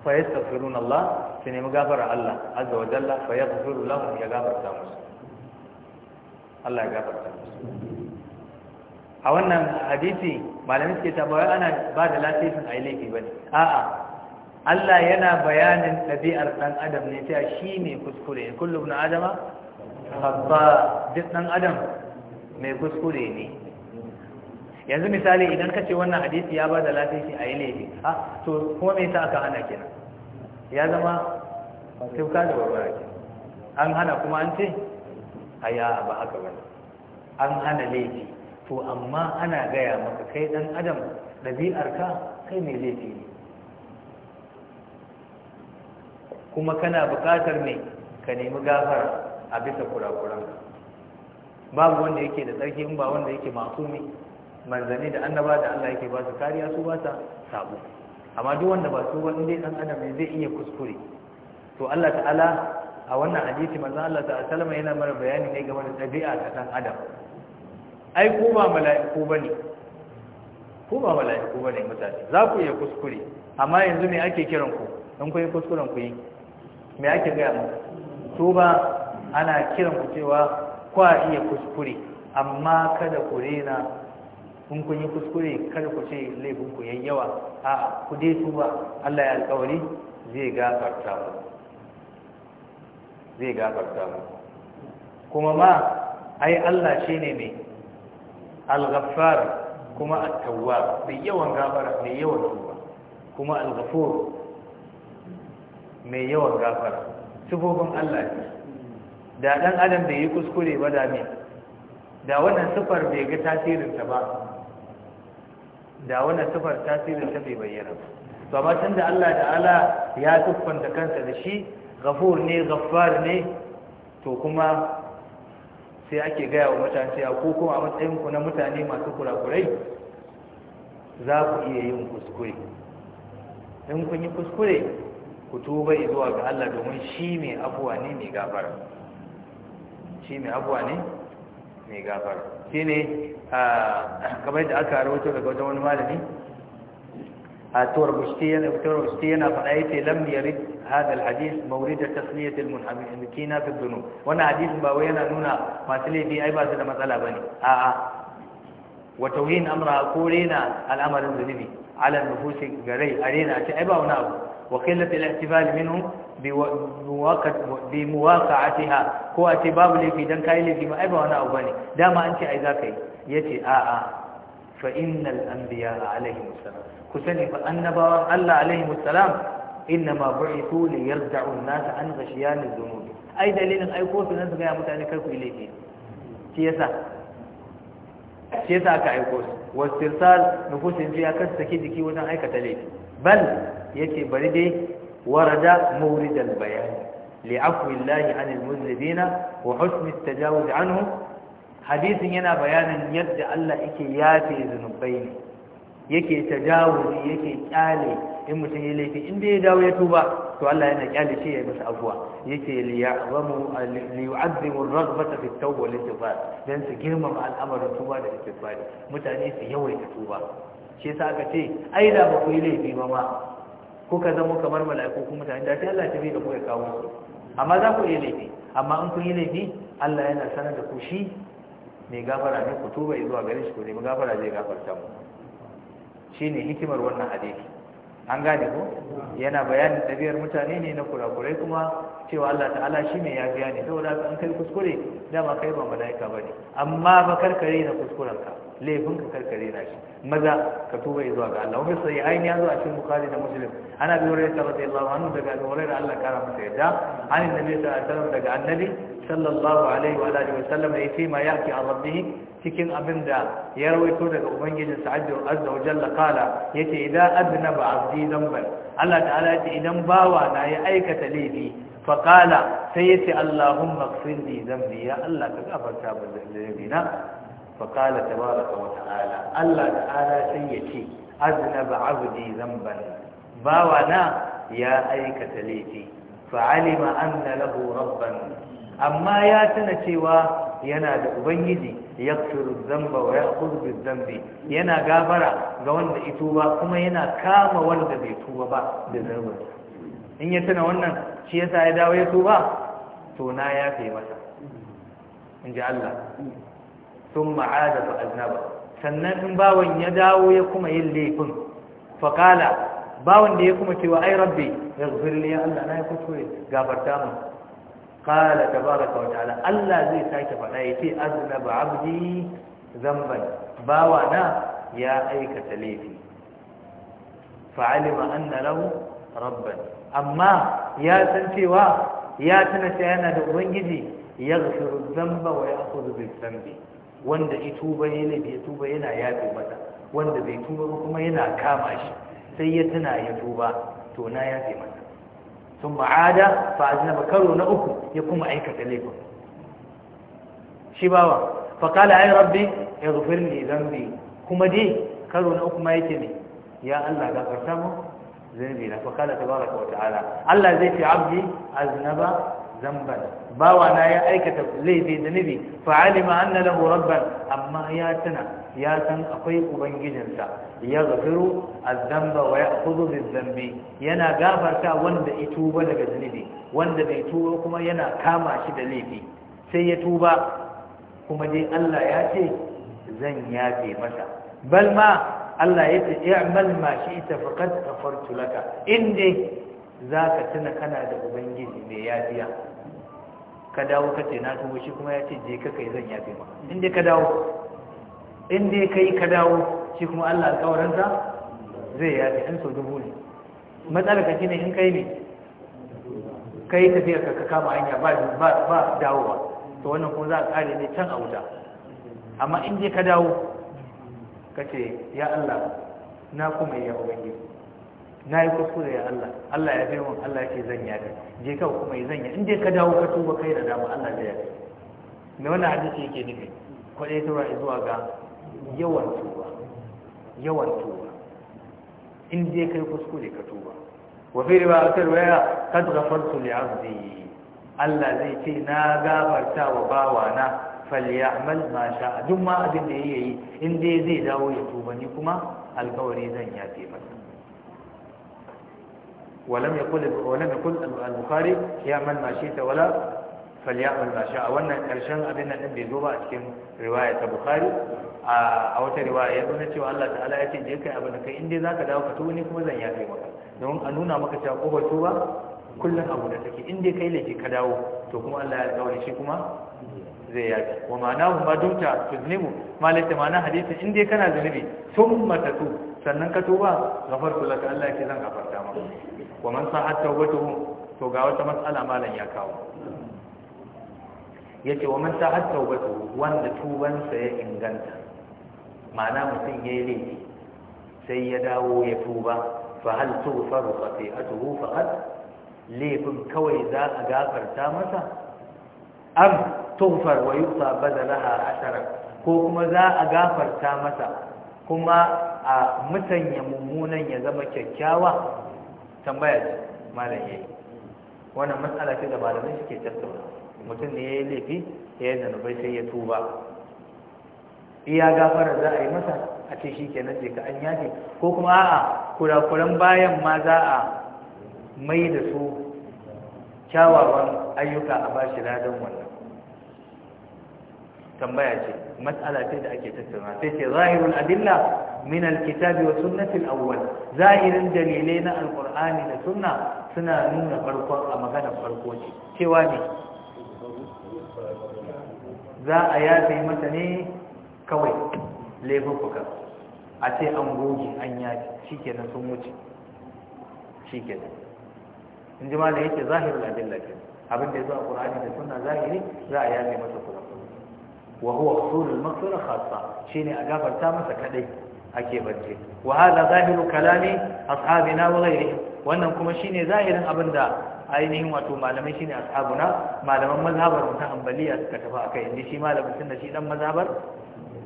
A: fa yastaghfiruna Allah su nemi gafara Allah azza wa jalla fa yaghfiru lahum ya gafarta musu Allah ya gafarta musu a wannan hadisi malamin suke ta bawai ana ba da lafifin a yi laifi ba ne a'a Allah yana bayanin ɗabi'ar ɗan adam ne ta shi ne kuskure kullum na adama haɓɓa duk ɗan adam mai kuskure ne yanzu misali idan ka ce wannan hadisi ya ba da lafiya a yi laifi ha to kuma mai sa aka hana kina ya zama tuka da barbara ke an hana kuma an ce a ya ba haka ba an hana laifi to amma ana gaya maka kai ɗan adam ɗabi'arka kai mai laifi ne kuma kana buƙatar mai ka nemi gafara a bisa kurakuran babu wanda yake da tsarki in ba wanda yake masumi manzanni da annaba da Allah yake ba su kariya su ba ta sabo amma duk wanda ba su wani dai dan adam ne zai iya kuskure to Allah ta'ala a wannan hadisi manzo Allah ta'ala sallama yana mara bayani ne game da tabi'a ta dan adam ai ko ba mala'iku bane ko ba mala'iku bane mutane za ku iya kuskure amma yanzu ne ake kiran ku in ku yi kuskuren ku yi me ake gaya mu tuba ana kiran ku cewa kwa iya kuskure amma kada ku rena kun kun yi kuskure kada ku ce laifin ku yayi yawa a ku dai tuba Allah ya alƙawari zai gafarta mu zai gafarta mu kuma ma ai Allah shine mai al-ghaffar kuma at-tawwab mai yawan gafara mai yawan tuba kuma al-ghafur mai yawan gafara sufofin Allah ne da dan adam bai yi kuskure ba da me da wannan sufar bai ga tasirinta ba da wannan sifar tasirinta bai bayyana ba to amma tunda Allah ta'ala ya tuffanta kansa da shi ghafur ne ghaffar ne to kuma sai ake gaya wa mutane sai ko kuma a matsayin ku na mutane masu kurakurai za ku iya yin kuskure in kun yi kuskure ku tuba zuwa ga Allah domin shi mai abuwa ne mai gafara shi mai abuwa ne mai gafara shi ne kamar da aka rawato daga wajen wani malami a tuwar bushti yana faɗa bushti yana lam yarid hada alhadith mawrid tasliyat almunhamikina fi dhunub wannan hadisin ba wai yana nuna masu laifi ai ba su da matsala bane a'a wa tauhin amra ko rena al'amarin zunubi ala nufusi garai ce ai abu وقلة الاحتفال منهم بمواقعتها ko a babu laifi dan kai laifi ma ai wani abu bane dama an ce ai yace a a fa innal anbiya alaihi wassalam ku sani fa annabawan Allah alaihi wassalam innama bu'ithu li yarda'u an-nas an ghashiyan adh-dhunub ai dalilin ai ko mutane wajen aikata laifi bal yace bari dai warada mawridal bayan li'afwi llahi anil muzlibina wa husni at-tajawuz anhu hadisin yana bayanin yadda Allah yake yafe zunubai ne yake tajawuzi yake kyale in mutum ya laifi in ya dawo ya tuba to Allah yana kyale shi ya masa abuwa yake liya'zamu liyu'azzimu ar-raghbata fi at-tawba wal istighfar dan su girmama al'amarin tuba da istighfari mutane su yawaita tuba shi yasa aka ce ai da ba ku yi laifi ba ma kuka zama kamar mala'iku kuma mutane da sai Allah ya bi da ku ya kawo su amma za ku yi laifi amma in kun yi laifi Allah yana sanar da ku shi mai gafara ne ku tuba zuwa gare shi ku nemi gafara zai gafarta mu shine hikimar wannan hadisi an gane ko yana bayanin biyar mutane ne na kurakurai kuma cewa Allah ta'ala shi ne ya biya ne saboda an kai kuskure dama kai ba mala'ika bane amma ba karkare na kuskurenka laifin ka karkare na shi maza ka tuba zuwa ga Allah wani sai ayin ya zo a cikin bukhari da muslim ana bi hurairah radiyallahu anhu daga abu hurairah Allah kara masa yadda an annabi sallallahu alaihi wasallam daga annabi sallallahu alaihi wa alihi wasallam yace ma yaki a rabbih cikin abin da ya rawaito daga ubangijin sa azza wa jalla qala yace idan ba abdi dhanban Allah ta'ala ya ce idan bawa na ya aikata laifi فقال سيتي اللهم اغفر لي ذنبي يا الله كغفرت ذنبي faƙala tabaraka wa ta'ala Allah ta'ala sai ya ce aznaba abdi zamban bawa na ya aikata laifi fa'alima anna lahu rabban amma ya tuna cewa yana da ubangiji yaghfiru dhanba wa ya'khudhu bidh zambi. yana gafara ga wanda ya kuma yana kama wanda bai tuba ba da zunubin in ya tuna wannan shi yasa ya dawo ya tuba to na yafe masa in ji Allah sun ma'ada ba aznaba sannan in bawan ya dawo ya kuma yin laifin faƙala bawan da ya kuma cewa ai rabbi ya zufirli ya Allah na ya kuskure gafarta mu ƙala ta ba da kawata'ala Allah zai sake faɗa ya ce aznaba abdi zamban bawa na ya aikata laifi fa'alima an na lahu rabban amma ya san cewa ya tana yana da ubangiji ya zafiru zamba wa ya akuzu bai zambi wanda ya tuba ya laifi ya tuba yana yafe masa wanda bai tuba kuma yana kama shi sai ya tuna ya tuba to na yafe masa sun ma'ada fa aznaba karo na uku ya kuma aikata laifin shi bawa fa qala ay rabbi ighfir li dhanbi kuma dai karo na uku ma yake ne ya Allah gafarta mu zai na fa qala tabaraka wa ta'ala Allah zai ce abdi aznaba zamban bawa na ya aikata laifi da fa alima anna lahu rabban amma ya tana ya san akwai ubangijinsa ya gafiru azzamba wa ya'khudhu bizambi yana gafarta wanda ya tuba daga zunubi wanda bai tuba kuma yana kama shi da laifi sai ya tuba kuma dai Allah ya ce zan yafe masa bal ma Allah ya ce i'mal ma shi'ta faqad ghafartu laka in dai zaka tuna kana da ubangiji mai yafiya ka dawo ka ce na tuwo shi kuma ya ce je ka kai zan yafe ma in dai ka dawo in dai kai ka dawo shi kuma Allah alƙawarinsa zai yafe an so dubu ne matsalar ka shine in kai ne kai tafiyar ka kama hanya ba ba ba dawowa to wannan kuma za a kare ne can a wuta amma in dai ka dawo ka ce ya Allah na kuma ya ubangiji na yi kuskure ya Allah Allah ya bai mun Allah ce zan ya ka je ka kuma yi zan ya in je ka dawo ka tuba kai da dama Allah zai ya ka me wannan hadisi yake nufi kwaɗai tura zuwa ga yawan tuba yawan tuba in je kai kuskure ka tuba wa fi riba akal waya kad ghafartu li abdi Allah zai ce na gafarta wa bawana falyamal ma sha'a duk ma abin da yayi in dai zai dawo ya tuba ni kuma alkawari zan yafe masa ولم يقل ولم يقل البخاري يعمل ما شئت ولا فليعمل ما شاء wannan karshen abin nan bai zo ba a cikin riwaya ta bukhari a wata riwaya ya nuna cewa Allah ta'ala ya ce je kai abin da kai in dai dawo ka tuwo kuma zan yafe maka don a nuna maka cewa ko ba tuwa kullun abu da take in kai laifi ka dawo to kuma Allah ya dawo shi kuma zai yafi wa ma'ana ma dumta tuzlimu malaka ma'ana hadisin in dai kana zunubi thumma tatu sannan ka tuba gafartu laka Allah ya ce zan gafarta maka wa man sa'at wato to ga wata matsala malam ya kawo yace wa man sa'at wato wanda tubansa ya inganta ma'ana mutum yayi laifi sai ya dawo ya tuba fa hal tughfaru khati'atuhu faqat laifin kawai za a gafarta masa am tughfar wa yusa badalaha ashara ko kuma za a gafarta masa kuma a mutanya mummunan ya zama kyakkyawa tambaya ce malam wannan matsala ce da malamai suke tattauna mutum ne ya yi laifi ya yi zanubai sai ya tuba iya gafara za a yi masa a ce shi ke je ka an yafe ko kuma a'a kurakuran bayan ma za a mai da su kyawawan ayyuka a bashi ladan wannan tambaya ce mas'ala ce da ake tattauna sai ce zahirul adilla min alkitabi wa sunnati alawwal zahirin dalilai na alqur'ani da sunna suna nuna farkon a maganar farko ce cewa ne za a yafe mata ne kawai laifuka a ce an goge an yafe shikenan sun wuce shikenan in ji malam yake zahirul adilla ke abin da ya zo a qur'ani da sunna zahiri za a yafe mata kuma wa huwa usulul maghfira khassa shine a gafarta masa kadai ake bacci wa hada zahiru kalami ashabina wa ghayrihim wannan kuma shine zahirin abinda ainihin wato malamai shine ashabuna malaman mazhabar mu ta hanbaliya suka tafi akai inda shi malamin sunna shi dan mazhabar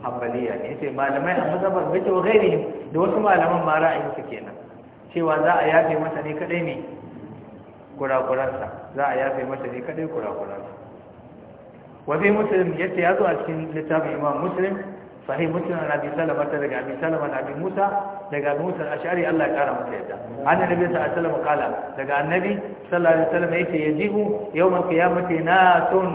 A: hanbaliya ne sai malamai a mazhabar bace wa ghayrihim da wasu malaman ma ra'ayin su kenan cewa za a yafe masa ne kadai ne kurakuransa za a yafe masa ne kadai kurakuransa wafi muslim ya ce ya zo a cikin littafin imam muslim sahih muslim na abi salama ta daga abi salama na bi musa daga bi musa shari'a Allah ya kara masa yadda yi nabi sa'ad salama kala daga annabi sallallahu alaihi wasallam yace yajihu yawmal na sun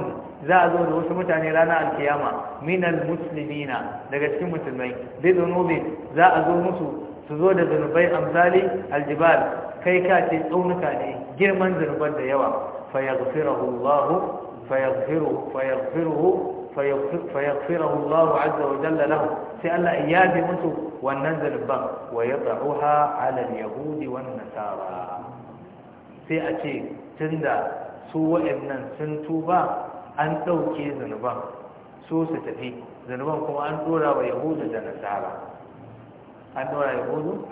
A: za a zo da wasu mutane rana alkiyama minal muslimina daga cikin musulmai bi zunubin za a zo musu su zo da zunubai amsali aljibal kai ka ce tsaunuka ne girman zunuban da yawa fa yaghfirahu Allahu فيغفره فيغفره فيغفره الله عز وجل له سأل إياد منسو وننزل البر ويضعها على اليهود والنسارى سيأتي تندى سوء ابنا سنتوبا أن توكي ذنبا سوء ستفي ذنبا كما أن تولى ويهود ونسارى أن تولى يهود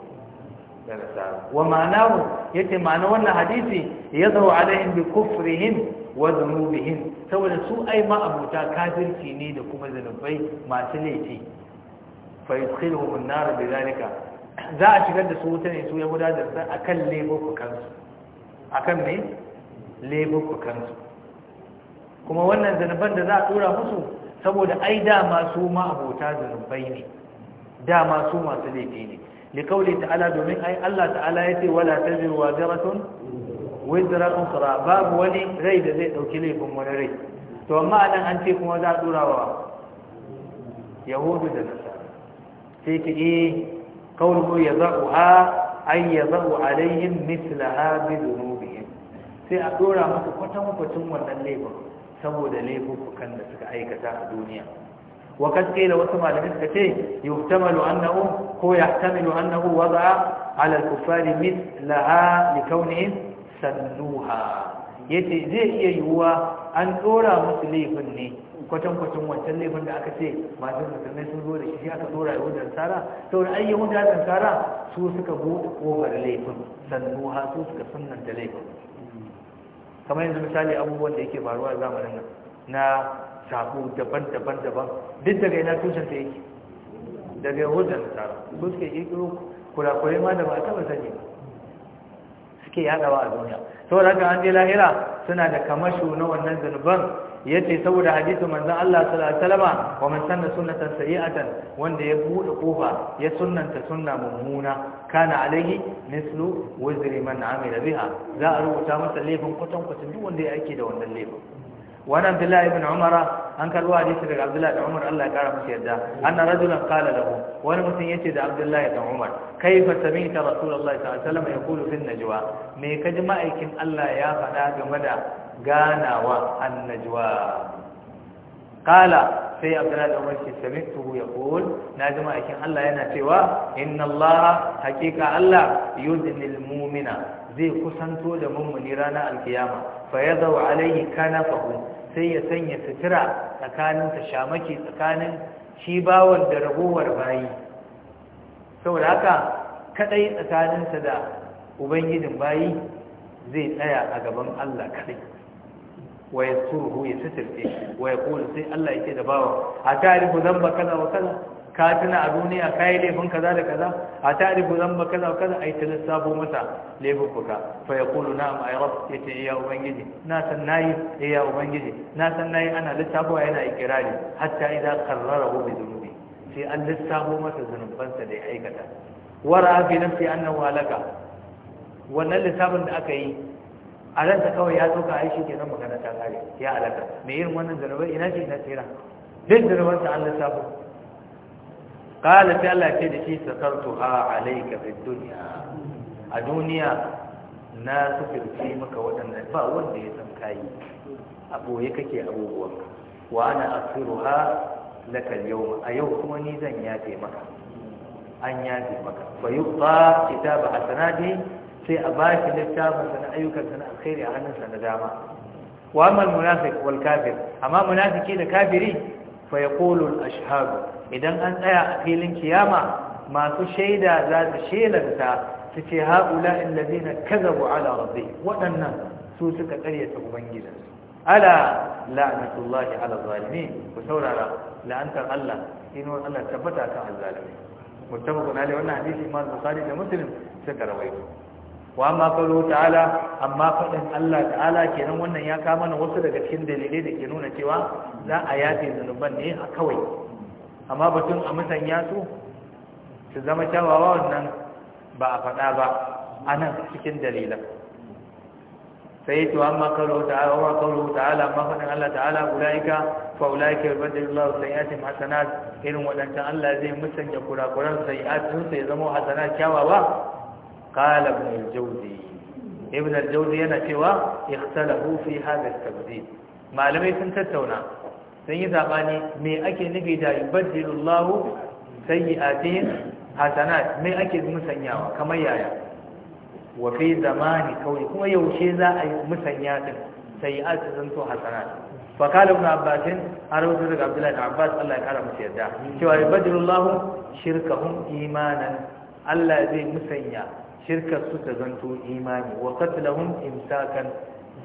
A: ونسارى ومعناه يتي معنى وانا حديثي يظهر عليهم بكفرهم wa bihin saboda su ai ma abuta kafirci ne da kuma zanubai masu laifi fa yadkhiluhum an-nar bi zalika za a shigar da su wuta ne su ya gudanar da akan kansu akan ku kansu kuma wannan zanuban da za a tura musu saboda ai ma su ma abota zanubai ne ma su masu laifi ne likauli ta'ala domin ai Allah ta'ala ya wala wala wa jaratun wizra usra babu wani rai da zai dauki laifin wani rai to amma anan an ce kuma za a dura wa yahudu da nasara sai ta yi kawo ya za'u ha an ya za'u alayhim misla ha bi zunubihim sai a dora musu kwatankwacin wannan laifin saboda laifukan da suka aikata a duniya wa kaskila wasu malamai suka ce yuhtamalu annahu ko yahtamilu annahu wada'a ala al-kuffari mithlaha li kaunihim salluha yace zai iya yiwuwa an dora musu laifin ne kwatankwacin wancan laifin da aka ce masu musulmai sun zo da shi aka dora yahudar tsara saboda ai yahudar tsara su suka buɗe ƙofar laifin sannuha su suka sunanta laifin kamar yanzu misali abubuwan da yake faruwa a zamanin nan na sako daban-daban daban duk daga yana tushen ta yake daga yahudar tsara su suka ƙirƙiro kurakurai ma da ba a taɓa sani ba suke yadawa a duniya saboda haka an lahira suna da kamasho na wannan zunuban yace saboda hadisi manzon Allah Salama, alaihi wasallam wa man sanna sunnatan sayi'atan wanda ya buɗe kofa ya sunnanta sunna mummuna kana alaihi mislu wazri man amila biha za a rubuta masa laifin kwatan kwatan duk wanda ya ake da wannan laifin wa Abdullahi ibn Umara an karbo hadisi daga Abdullahi da Umar Allah ya kara masa yadda anna rajulan qala lahu wani mutum yace da Abdullahi da Umar kaifa sami'ta Rasulullahi sallallahu alaihi wasallam yaqulu fil najwa me kaji ma'aikin Allah ya faɗa game da ganawa annajwa qala sai abdullahi da umar ke sami'tuhu yaqul na ji ma'aikin Allah yana cewa inna Allah hakika Allah yudnil mu'mina zai kusanto da mummuni ranar alkiyama fa yadau alaihi kanafahu sai ya sanya sutura tsakanin ta shamaki tsakanin shi bawon da ragowar bayi saboda haka kadai tsakaninsa da ubangijin bayi zai tsaya a gaban Allah kadai waya ya suruhu ya suturce waya ya sai Allah yake da bawa a tarihu zamba kaza wa kaza ka tuna a duniya ka yi laifin kaza da kaza a ta'rifu zamba kaza kaza yi ta lissafo masa laifin laifuka fa yaqulu na'am ay rabb yace ya ubangiji na san nayi eh, ya ubangiji na san nayi ana lissafo yana ikirari hatta idza qarrarahu bi dhunubi sai an lissafo masa zunubansa da ya aikata wara fi nafsi annahu halaka wannan lissafin da aka yi a ranta kawai ya tsoka ai shi kenan magana ta kare ya halaka me irin wannan zanubai ina ce ina tsira duk zanubansa an lissafo qala sai Allah ce da shi sakartuha alayka fid dunya a duniya na sufirce maka waɗannan ba wanda ya san kayi a boye kake abubuwan wa ana ha laka yau a yau kuma ni zan yafe maka an yafe maka fa yuqta kitaba hasanati sai a ba shi littafin sana ayyukan sana alkhairi a hannunsa na dama wa amma munafiq wal kafir amma munafiki da kafiri fa yaqulu al ashhadu idan an tsaya a filin kiyama masu shaida za su shelanta su ce haƙula illazi na kazabu ala rabbi waɗannan su suka ƙaryata ubangidansu ala la'anatullahi ala zalimi ku saurara la'antar Allah inuwar Allah tabbata kan azzalimi muttafaqun alaihi wannan hadisi Imam Bukhari da Muslim suka rawaito wa amma qalu ta'ala amma fadin Allah ta'ala kenan wannan ya kama mana wasu daga cikin dalilai da ke nuna cewa za a yafe zanuban ne a kawai amma batun a musanya su su zama kyawawa wannan ba a faɗa ba a nan cikin dalilan sai yi tuwa makaru ta'ala wa kawo ta'ala amma faɗin Allah ta'ala ula'ika fa ula'ika yi bada Allah sayyatin hasanat irin waɗancan Allah zai musanya kurakuran sayyatun sai zama hasana kyawawa kala ibn al-jawzi ibn al-jawzi yana cewa ikhtalafu fi hadha al-tabdil malamai sun tattauna sun yi zamani me ake nufi da yi atin hasanat me ake musanyawa kamar yaya wa fi zamani kawai kuma yaushe za a yi musanya din sayyi'at sun to hasanat fa kala ibn abbas har wato daga abdullahi abbas Allah ya kara musu yarda cewa ibadilullahu shirkahum imanan Allah zai musanya shirkar su ta zanto imani wa qatlahum imsakan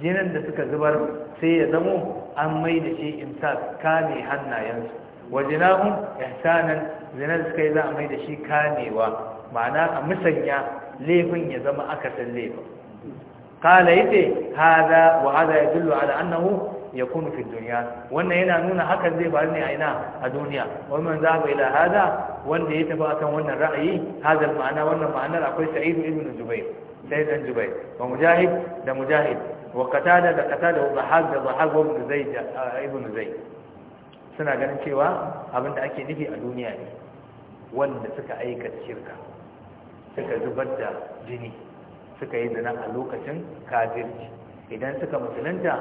A: jinin da suka zubar sai ya zamo an mai da shi imsak kame hannayensu wajinahun ihsanan zinar suka yi za a mai da shi kamewa ma'ana a musanya laifin ya zama akasin laifin kala yace hada wa hada yadullu ala annahu yakunu fi dunya wannan yana nuna hakan zai faru ne a ina a duniya wannan zaba ila hada wanda ya tafi akan wannan ra'ayi hada ma'ana wannan ma'anar akwai sa'id ibn jubair sai dan jubair wa mujahid da mujahid wa katada da qatada wa dhahab da dhahab wa ibn eh, suna ganin cewa abin da ake nufi a duniya ne wanda suka aikata shirka suka zubar da jini suka yi zina a lokacin kafirci idan suka musulunta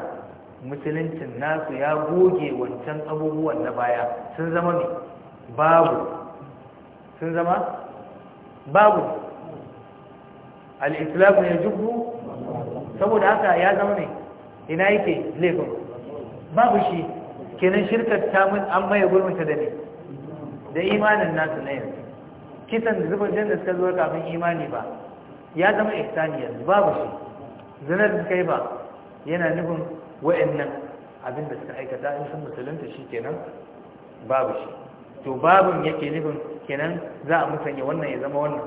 A: musuluncin nasu ya goge wancan abubuwan na baya sun zama ne babu sun zama babu al-islam jubu saboda haka ya zama ne ina yake laifin babu shi kenan shirkar ta mun an maye ta da ne da imanin nasu na yanzu kisan da zubar jan da suka zuwa kafin imani ba ya zama ihsani yanzu babu shi zinar da kai ba yana nufin wa'annan abin da suka aikata in sun musulunta shi kenan babu shi to babun yake nufin kenan za a musanya wannan ya zama wannan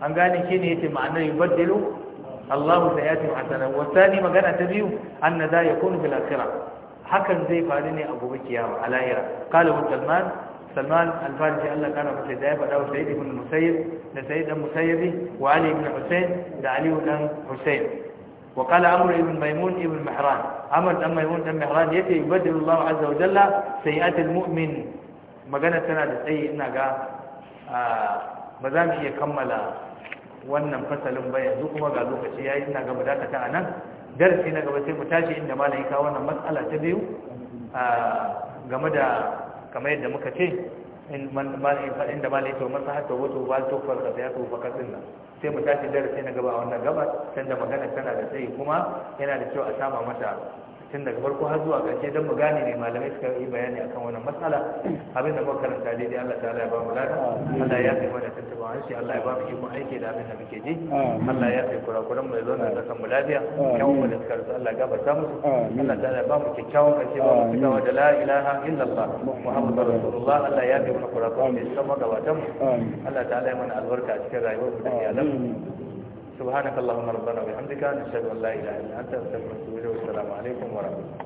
A: an gane shi ne ce ma'anar yubaddilu الله سيأتي حسنا والثاني ما كان أتريه أن ذا يكون في الأخرة حكا زي فارني أبو بك يا على إيرا قال أبو سلمان سلمان الفارسي قال لك أنا مسيد أبا أو سيد بن المسيب لسيد المسيب وعلي بن حسين لعلي بن حسين وقال أمر ابن ميمون ابن محران أمر أم ميمون ابن محران يتي يبدل الله عز وجل سيئات المؤمن ما كان سنة لسيئ إنك آه، مدام هي كملة wannan fasalin ba yanzu kuma ga lokaci yayi ina gaba da ta anan darasi na gaba sai mu tashi inda malayi ka wannan matsala ta biyu game da kamar yadda muka ce in malai fa inda malai to maslahatu wato ba to farka ya to fa kadin nan sai mu tashi darasi na gaba a wannan gaba tunda magana tana da sai kuma yana da kyau a sama mata tun daga farko har zuwa ƙarshe don mu gane ne malamai suka yi bayani akan wannan matsala abin da muka karanta daidai Allah ta'ala ya ba mu lada Allah ya kai mana tuntuban hanci Allah ya ba mu ikon aiki da abin da muke ji Allah ya kai kurakuran mu ya zauna da kan mu lafiya kyawun mu da suka rasu Allah ya gafarta musu Allah ta'ala ya ba mu kyakkyawan ƙarshe ba mu cikawa da la ilaha illallah muhammadu rasulullah Allah ya kai mana kurakuran mu ya san magabatan mu Allah ta'ala ya mana albarka a cikin rayuwar mu da iyalan mu سبحانك اللهم ربنا وبحمدك نشهد ان لا اله الا انت نستغفرك ونتوب اليك والسلام عليكم ورحمه الله